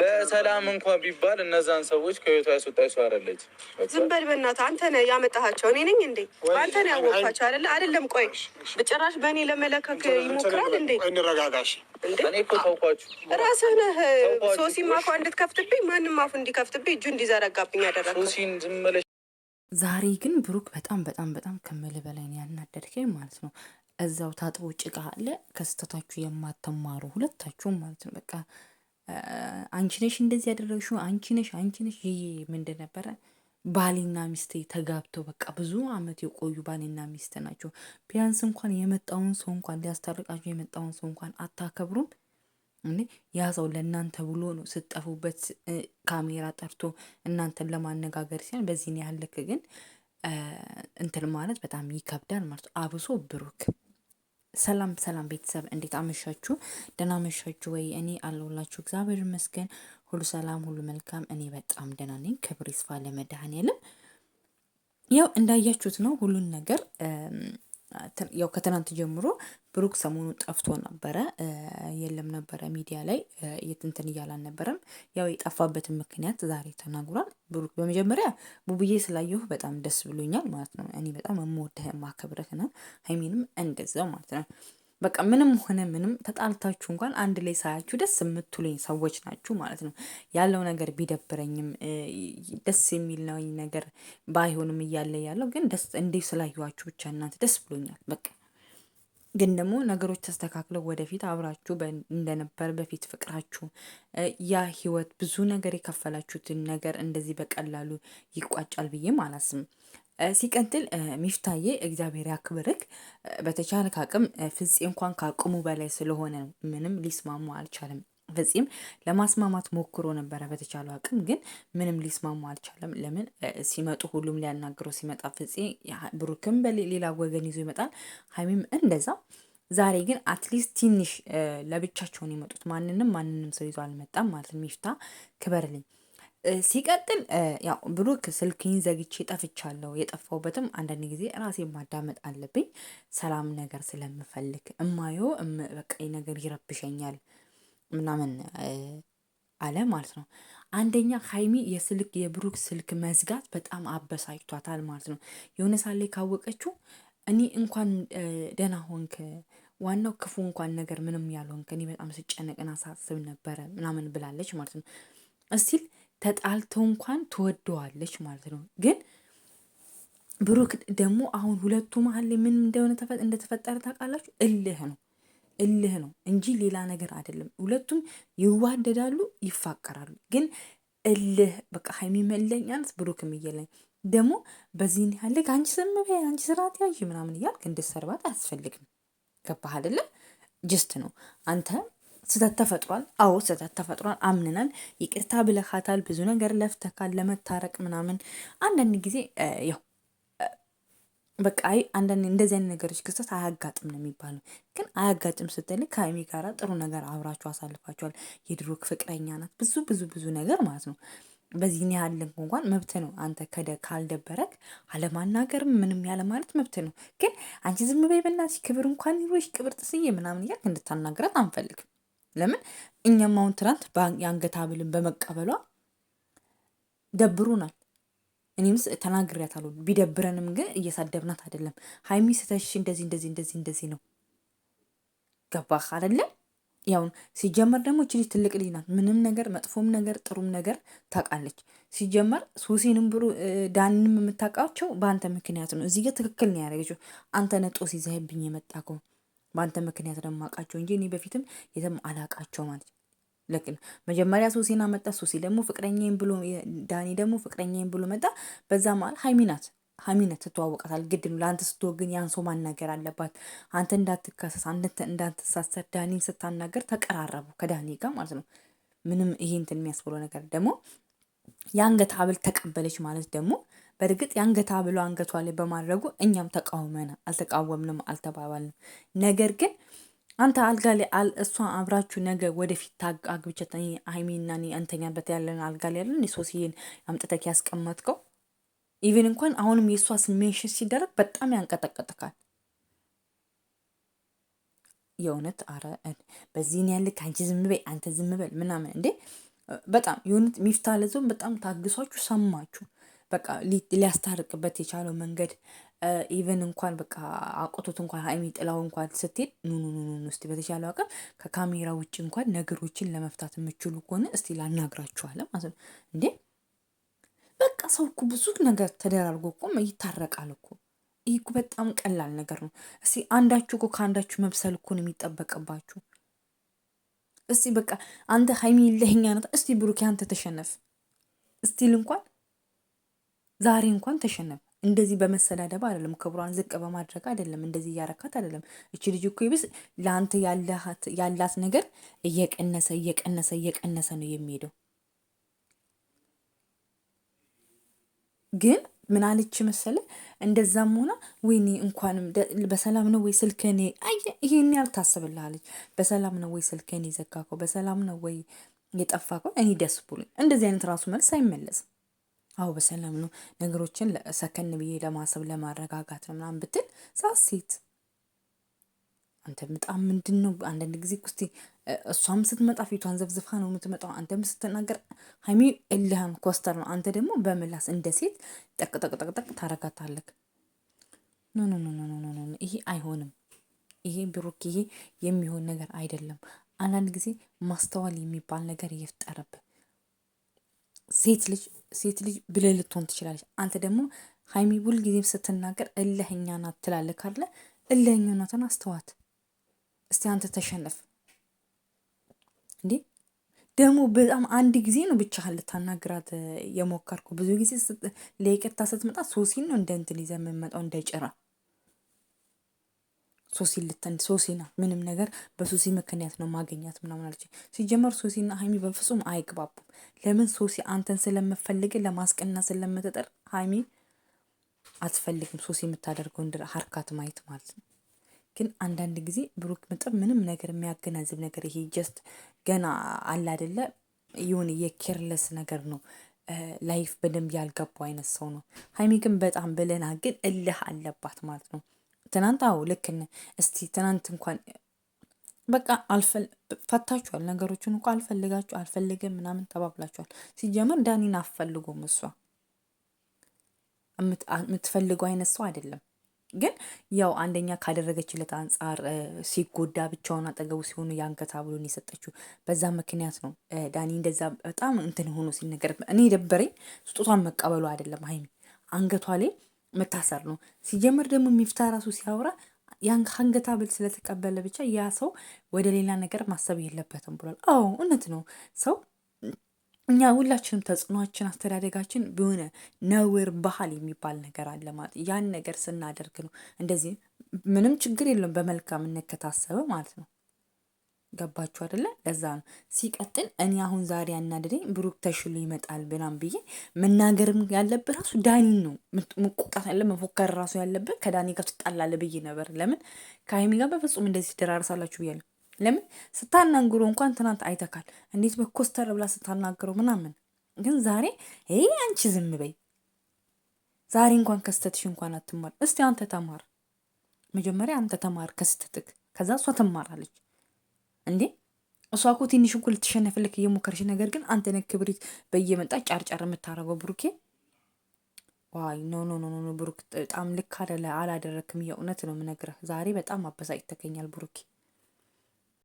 ለሰላም እንኳ ቢባል እነዛን ሰዎች ከቤቷ ያስወጣ ሰው አለች። ዝም በል በእናትህ አንተ ነህ ያመጣሃቸው። እኔ ነኝ እንዴ? አንተ ነህ ያወቅኳቸው አይደለ? አይደለም። ቆይ ጭራሽ በእኔ ለመለከክ ይሞክራል እንዴ? እንረጋጋሽ። እኔ እኮ ታውኳችሁ፣ ራስህ ነህ ሶሲም አፏ እንድትከፍትብኝ ማንም አፉ እንዲከፍትብኝ እጁ እንዲዘረጋብኝ ያደረግ ሶሲን ዝም ብለሽ ዛሬ ግን ብሩክ በጣም በጣም በጣም ከምል በላይ ነው ያናደድከኝ ማለት ነው። እዛው ታጥቦ ጭቃ አለ ከስተታችሁ የማትማሩ ሁለታችሁም ማለት ነው በቃ አንቺ ነሽ እንደዚህ ያደረግሽው፣ አንቺ ነሽ አንቺ ነሽ ይሄ ምንድን ነበረ? ባሊና ሚስቴ ተጋብተው በቃ ብዙ አመት የቆዩ ባሊና ሚስት ናቸው። ቢያንስ እንኳን የመጣውን ሰው እንኳን ሊያስታርቃቸው የመጣውን ሰው እንኳን አታከብሩም። እንዴ ያ ሰው ለእናንተ ብሎ ነው ስጠፉበት ካሜራ ጠርቶ እናንተን ለማነጋገር ሲሆን በዚህን ያህል ልክ ግን እንትን ማለት በጣም ይከብዳል ማለት አብሶ ብሩክ ሰላም ሰላም ቤተሰብ እንዴት አመሻችሁ? ደህና አመሻችሁ ወይ? እኔ አለሁላችሁ። እግዚአብሔር ይመስገን፣ ሁሉ ሰላም፣ ሁሉ መልካም። እኔ በጣም ደህና ነኝ። ክብር ይስፋ ለመድኃኔዓለም። ያው እንዳያችሁት ነው ሁሉን ነገር ያው ከትናንት ጀምሮ ብሩክ ሰሞኑ ጠፍቶ ነበረ፣ የለም ነበረ ሚዲያ ላይ የትንትን እያለ አልነበረም። ያው የጠፋበትን ምክንያት ዛሬ ተናግሯል ብሩክ። በመጀመሪያ ቡቡዬ ስላየሁ በጣም ደስ ብሎኛል ማለት ነው። እኔ በጣም የምወደህ የማከብረህ ነው። ሀይሚንም እንደዛው ማለት ነው። በቃ ምንም ሆነ ምንም ተጣልታችሁ እንኳን አንድ ላይ ሳያችሁ ደስ የምትሉኝ ሰዎች ናችሁ ማለት ነው። ያለው ነገር ቢደብረኝም ደስ ነው ነገር ባይሆንም እያለ ያለው ግን ደስ እንዴ ስላየኋችሁ ብቻ እናንተ ደስ ብሎኛል በቃ ግን ደግሞ ነገሮች ተስተካክለው ወደፊት አብራችሁ እንደነበር በፊት ፍቅራችሁ ያ ህይወት ብዙ ነገር የከፈላችሁትን ነገር እንደዚህ በቀላሉ ይቋጫል ብዬም አላስብም። ሲቀጥል ሚፍታዬ እግዚአብሔር ያክብርክ። በተቻለ ካቅም ፍፄ እንኳን ከአቅሙ በላይ ስለሆነ ምንም ሊስማሙ አልቻለም። ፍፄም ለማስማማት ሞክሮ ነበረ በተቻለ አቅም ግን ምንም ሊስማሙ አልቻለም። ለምን ሲመጡ ሁሉም ሊያናግረው ሲመጣ ፍፄ ብሩክም በሌላ ወገን ይዞ ይመጣል፣ ሀይሚም እንደዛ። ዛሬ ግን አትሊስት ትንሽ ለብቻቸውን የመጡት ማንንም ማንንም ሰው ይዞ አልመጣም ማለት ሚፍታ ክበርልኝ። ሲቀጥል ያው ብሩክ ስልክኝ ዘግቼ ጠፍቻለሁ። የጠፋውበትም አንዳንድ ጊዜ ራሴ ማዳመጥ አለብኝ። ሰላም ነገር ስለምፈልግ እማየው በቃኝ ነገር ይረብሸኛል ምናምን አለ ማለት ነው። አንደኛ ሀይሚ የስልክ የብሩክ ስልክ መዝጋት በጣም አበሳጭቷታል ማለት ነው። የሆነ ሳሌ ካወቀችው እኔ እንኳን ደህና ሆንክ ዋናው ክፉ እንኳን ነገር ምንም ያልሆንክ እኔ በጣም ስጨነቅና ሳስብ ነበረ ምናምን ብላለች ማለት ነው እስቲል ተጣልተው እንኳን ትወደዋለች ማለት ነው። ግን ብሩክ ደግሞ አሁን ሁለቱ መሀል ላይ ምን እንደሆነ እንደተፈጠረ ታውቃላችሁ? እልህ ነው እልህ ነው እንጂ ሌላ ነገር አይደለም። ሁለቱም ይዋደዳሉ፣ ይፋቀራሉ። ግን እልህ በቃ ሀይሚ መለኛነት ብሩክ የሚየለኝ ደግሞ በዚህን ያለግ አንቺ ዝም በይ አንቺ ስርዓት ያዥ ምናምን እያልክ እንድትሰርባት አያስፈልግም። ገባህ አይደለም? ጅስት ነው አንተ ስህተት ተፈጥሯል። አዎ ስህተት ተፈጥሯል፣ አምንናል። ይቅርታ ብለካታል፣ ብዙ ነገር ለፍተካል ለመታረቅ ምናምን። አንዳንድ ጊዜ ያው በቃ አይ አንዳንድ እንደዚህ አይነት ነገሮች ክስተት አያጋጥም ነው የሚባለው። ግን አያጋጥም ስትል ከሀይሚ ጋር ጥሩ ነገር አብራችሁ አሳልፋችኋል። የድሮ ፍቅረኛ ናት፣ ብዙ ብዙ ብዙ ነገር ማለት ነው። በዚህ እኔ እንኳን መብት ነው። አንተ ከደ ካልደበረክ አለማናገር ምንም ያለ ማለት መብት ነው። ግን አንቺ ዝም በይ በእናትሽ ክብር እንኳን ይሮሽ ክብር ጥስዬ ምናምን እያልክ እንድታናግራት አንፈልግም። ለምን እኛም አሁን ትናንት የአንገት ሀብልን በመቀበሏ ደብሩናል። እኔም ተናግሬያታለሁ። ቢደብረንም ግን እየሳደብናት አይደለም። ሀይሚ ስተሽ እንደዚህ እንደዚህ እንደዚህ እንደዚህ ነው ገባህ አይደለም? ያውን ሲጀመር ደግሞ እች ልጅ ትልቅ ልጅ ናት። ምንም ነገር መጥፎም ነገር ጥሩም ነገር ታውቃለች። ሲጀመር ሱሲንም ብሩ ዳንም የምታውቃቸው በአንተ ምክንያት ነው። እዚህ ጋር ትክክል ነው ያደረገችው። አንተ ነጦ ሲዘህብኝ የመጣከው በአንተ ምክንያት ደግሞ አውቃቸው እንጂ እኔ በፊትም የትም አላውቃቸው ማለት ነው። ልክን መጀመሪያ ሶሲና መጣ። ሶሲ ደግሞ ፍቅረኛዬን ብሎ ዳኒ ደግሞ ፍቅረኛዬን ብሎ መጣ። በዛ መሀል ሀይሚናት ናት ሀሚነት ትተዋወቃታል። ግድ ነው ለአንተ ስትወግን ያን ሰው ማናገር አለባት። አንተ እንዳትከሰስ፣ አንተ እንዳትሳሰር ዳኒን ስታናገር ተቀራረቡ ከዳኒ ጋር ማለት ነው። ምንም ይሄ እንትን የሚያስብለው ነገር ደግሞ የአንገት ሀብል ተቀበለች ማለት ደግሞ በእርግጥ የአንገታ ብሎ አንገቷ ላይ በማድረጉ እኛም ተቃውመን አልተቃወምንም አልተባባልንም። ነገር ግን አንተ አልጋ ላይ እሷ አብራችሁ ነገ ወደፊት አግብቻት ሀይሚና እንተኛበት ያለን አልጋ ላይ ያለን ሶስዬን አምጥተክ ያስቀመጥከው ኢቨን እንኳን አሁንም የእሷ ስሜንሽን ሲደረግ በጣም ያንቀጠቀጥካል። የእውነት አረ በዚህን ያለ አንቺ ዝም በይ አንተ ዝም በል ምናምን እንዴ! በጣም የእውነት ሚፍታ ለዞን በጣም ታግሷችሁ ሰማችሁ። በቃ ሊያስታርቅበት የቻለው መንገድ ኢቨን እንኳን በቃ አቆቶት እንኳን ሀይሚ ጥላው እንኳን ስትሄድ ኑኑኑኑ እስቲ በተቻለው አቅም ከካሜራ ውጭ እንኳን ነገሮችን ለመፍታት የምችሉ ከሆነ እስቲ ላናግራችኋለ ማለት ነው እንዴ። በቃ ሰው እኮ ብዙ ነገር ተደራርጎ እኮ ይታረቃል እኮ። ይህ እኮ በጣም ቀላል ነገር ነው። እስቲ አንዳችሁ እኮ ከአንዳችሁ መብሰል እኮ ነው የሚጠበቅባችሁ። እስቲ በቃ አንተ ሀይሚ ለህኛ ነ እስቲ ብሩክ አንተ ተሸነፍ እስቲል እንኳን ዛሬ እንኳን ተሸነፈ። እንደዚህ በመሰዳደብ አይደለም፣ ክብሯን ዝቅ በማድረግ አይደለም፣ እንደዚህ እያረካት አይደለም። እቺ ልጅ እኮ ይብስ ለአንተ ያላት ነገር እየቀነሰ እየቀነሰ እየቀነሰ ነው የሚሄደው። ግን ምን አለች መሰለ፣ እንደዛም ሆና ወይኔ እንኳንም በሰላም ነው ወይ ስልክኔ፣ አይ ይሄን ያልታስብልሃለች። በሰላም ነው ወይ ስልክኔ ዘጋከው፣ በሰላም ነው ወይ የጠፋከው፣ እኔ ደስ ብሎኝ። እንደዚህ አይነት ራሱ መልስ አይመለስም። አዎ በሰላም ነው። ነገሮችን ሰከን ብዬ ለማሰብ ለማረጋጋት ነው ምናምን ብትል ዛት ሴት አንተ በጣም ምንድን ነው አንዳንድ ጊዜ እኮ እሷም ስትመጣ ፊቷን ዘብዝፋ ነው የምትመጣው። አንተም ስትናገር ሀይሚ እልህን ኮስተር ነው። አንተ ደግሞ በምላስ እንደ ሴት ጠቅጠቅጠቅጠቅ ታረጋታለክ። ኖ ኖ ኖ ኖ ኖ፣ ይሄ አይሆንም። ይሄ ብሩክ፣ ይሄ የሚሆን ነገር አይደለም። አንዳንድ ጊዜ ማስተዋል የሚባል ነገር ይፍጠረብህ። ሴት ልጅ ሴት ልጅ ብልህ ልትሆን ትችላለች። አንተ ደግሞ ሀይሚ ቡል ጊዜም ስትናገር እልህኛ ናት ትላለህ ካለ እልህኛነትን አስተዋት። እስቲ አንተ ተሸነፍ እንዴ! ደግሞ በጣም አንድ ጊዜ ነው ብቻ ልታናግራት የሞከርኩ። ብዙ ጊዜ ለይቅርታ ስትመጣ ሶሲን ነው እንደ እንትን ይዘህ የምመጣው እንደ ጭራ ሶሲ ልተን ሶሲ ምንም ነገር በሶሲ ምክንያት ነው ማገኛት ምናምን አለች። ሲጀመር ሶሲና ሀይሚ በፍጹም አይግባቡም። ለምን ሶሲ አንተን ስለምፈልግ ለማስቀና ስለምትጥር ሀይሚ አትፈልግም ሶሲ የምታደርገውን ሀርካት ማየት ማለት ነው። ግን አንዳንድ ጊዜ ብሩክ ምጥር ምንም ነገር የሚያገናዝብ ነገር ይሄ ጀስት ገና አለ አይደለ ይሁን የኬርለስ ነገር ነው። ላይፍ በደንብ ያልገባው አይነት ሰው ነው። ሀይሚ ግን በጣም ብለና ግን እልህ አለባት ማለት ነው። ትናንት አዎ ልክ እስቲ ትናንት እንኳን በቃ ፈታችኋል። ነገሮችን እኮ አልፈልጋችሁ አልፈልግም ምናምን ተባብላችኋል። ሲጀመር ዳኒን አፈልጎም እሷ የምትፈልገው አይነት ሰው አይደለም። ግን ያው አንደኛ ካደረገችለት አንጻር ሲጎዳ ብቻውን አጠገቡ ሲሆኑ የአንገታ ብሎን የሰጠችው በዛ ምክንያት ነው። ዳኒ እንደዛ በጣም እንትን ሆኖ ሲነገር እኔ ደበሬ ስጦቷን መቀበሉ አይደለም ሀይሚ አንገቷ ላይ መታሰር ነው። ሲጀምር ደግሞ ሚፍታ ራሱ ሲያወራ ያን ከአንገታ ብል ስለተቀበለ ብቻ ያ ሰው ወደ ሌላ ነገር ማሰብ የለበትም ብሏል። አዎ እውነት ነው። ሰው እኛ ሁላችንም ተጽዕኖችን፣ አስተዳደጋችን የሆነ ነውር ባህል የሚባል ነገር አለ ማለት ያን ነገር ስናደርግ ነው እንደዚህ ምንም ችግር የለውም በመልካም እንከታሰበ ማለት ነው። ገባችሁ አደለ? ለዛ ነው። ሲቀጥል እኔ አሁን ዛሬ ያናደደኝ ብሩክ ተሽሎ ይመጣል ብላም ብዬ መናገርም ያለብህ ራሱ ዳኒ ነው። መቆጣት ያለ መፎከር ራሱ ያለብህ ከዳኒ ጋር ትጣላለህ ብዬ ነበር። ለምን ከሀይሚ ጋር በፍጹም እንደዚህ ትደራርሳላችሁ ብያለ። ለምን ስታናግሮ እንኳን ትናንት አይተካል፣ እንዴት በኮስተር ብላ ስታናግረው ምናምን። ግን ዛሬ ይ አንቺ ዝም በይ፣ ዛሬ እንኳን ከስተትሽ እንኳን አትማር። እስቲ አንተ ተማር መጀመሪያ፣ አንተ ተማር ከስተትክ፣ ከዛ እሷ ትማራለች። እንዴ እሷ እኮ ትንሽ እኮ ልትሸነፍልክ እየሞከረች ነገር ግን አንተ ነህ ክብሪት በየመጣ ጫርጫር የምታረገው ብሩኬ። ዋይ ኖ ኖ ኖ ብሩክ በጣም ልክ አደለ፣ አላደረክም። የእውነት ነው የምነግረህ። ዛሬ በጣም አበሳጭ አበሳጭተኸኛል ብሩኬ።